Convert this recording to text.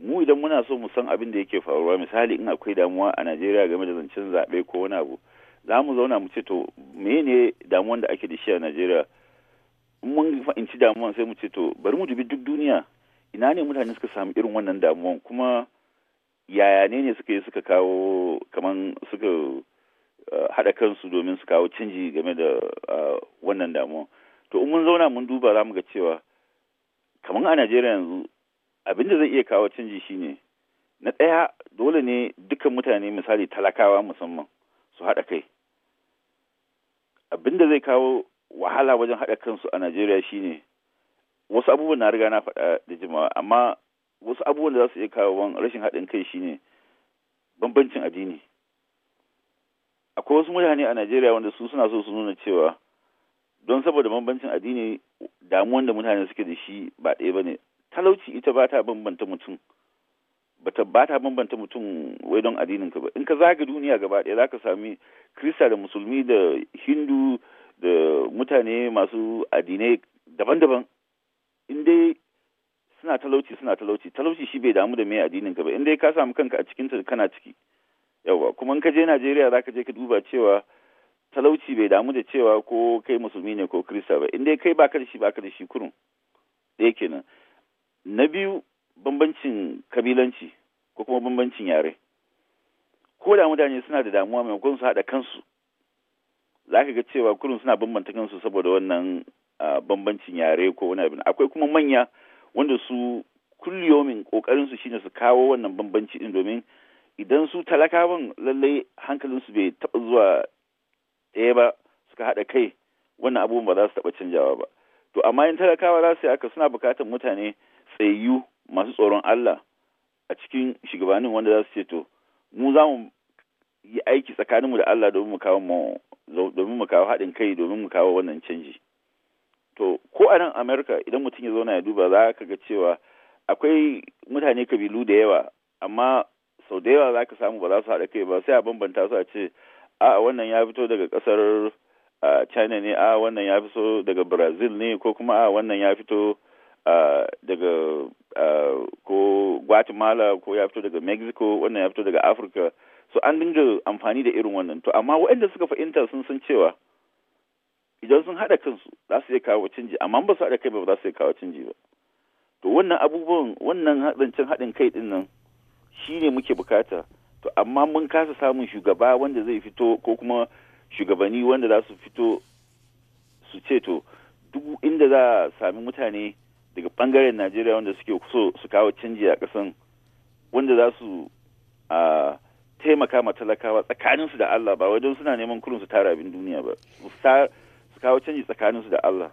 mu idan muna so mu san abin da yake faruwa misali in akwai damuwa a Najeriya game da zancen zaɓe ko wani abu za mu zauna mu ce to menene damuwan da ake da shi a Najeriya in mun fahimci damuwan sai mu ce to bari mu dubi duk duniya ina ne mutane suka samu irin wannan damuwan kuma yaya ne ne suka yi suka kawo kaman suka eh, haɗa kansu domin su kawo canji game da eh, wannan damuwa to in mun zauna mun duba za mu ga cewa kamar a Najeriya yanzu abin da zai iya kawo canji shine na ɗaya dole ne dukkan mutane misali talakawa musamman su haɗa kai abin da zai kawo wahala wajen haɗa kansu a najeriya shine wasu abubuwan na riga na faɗa da jimawa amma wasu abubuwan da za su iya kawo rashin haɗin kai shine bambancin addini akwai wasu mutane a najeriya wanda su suna so su nuna cewa don saboda bambancin addini damuwan da mutane suke da shi ba ɗaya ba ne talauci ita ba ta bambanta mutum bata ba ta bambanta mutum wai don addinin ka ba in ka zaga duniya gaba ɗaya za ka sami krista da musulmi da hindu da mutane masu addinai daban-daban in dai suna talauci suna talauci talauci shi bai damu da mai addinin ka ba in dai ka samu kanka a cikin ta kana ciki yawa kuma in ka je najeriya za ka je ka duba cewa talauci bai damu da cewa ko kai musulmi ne ko kirista ba in dai kai baka da shi baka da shi kurun ɗaya kenan Na biyu bambancin kabilanci ko kuma bambancin yare. Ko da mutane suna da damuwa maimakon su haɗa kansu za ka ga cewa kurin suna bambanta kansu saboda wannan bambancin yare ko wani abin. Akwai kuma manya wanda su kulliyomin kokarin su shine su kawo wannan bambanci din domin idan su talakawan lallai hankalin su bai taɓa zuwa ɗaya ba suka haɗa kai wannan abubuwan ba za su taɓa canjawa ba to amma in talakawa za su yi haka suna buƙatar mutane tsayayyu masu tsoron Allah a cikin shugabannin wanda za su ce to mu za mu yi aiki tsakaninmu da Allah domin mu kawo mu domin mu kawo haɗin kai domin mu kawo wannan canji to ko a nan Amerika idan mutum ya zauna ya duba za ka ga cewa akwai mutane kabilu da yawa amma sau da yawa za ka samu ba za su haɗa kai ba sai a bambanta su a ce a wannan ya fito daga ƙasar china ne a wannan ya fito daga brazil ne ko kuma a wannan ya fito daga ah, ko guatemala ko ya fito daga mexico wannan ya fito daga afirka so an dinga amfani da irin wannan to amma waɗanda suka fahimta sun san cewa idan sun haɗa kansu za su iya kawo canji amma ba su haɗa kai ba za su iya kawo canji ba to wannan abubuwan wannan hadancin haɗin kai din nan shi ne muke bukata to amma mun kasa samun shugaba wanda zai fito ko kuma shugabanni wanda za su fito su ce to duk inda za a sami mutane daga bangaren najeriya wanda suke so su kawo canji a kasan wanda za su a taimaka ma talakawa tsakaninsu da allah ba wajen suna neman kurin su tara abin duniya ba su kawo canji tsakaninsu da allah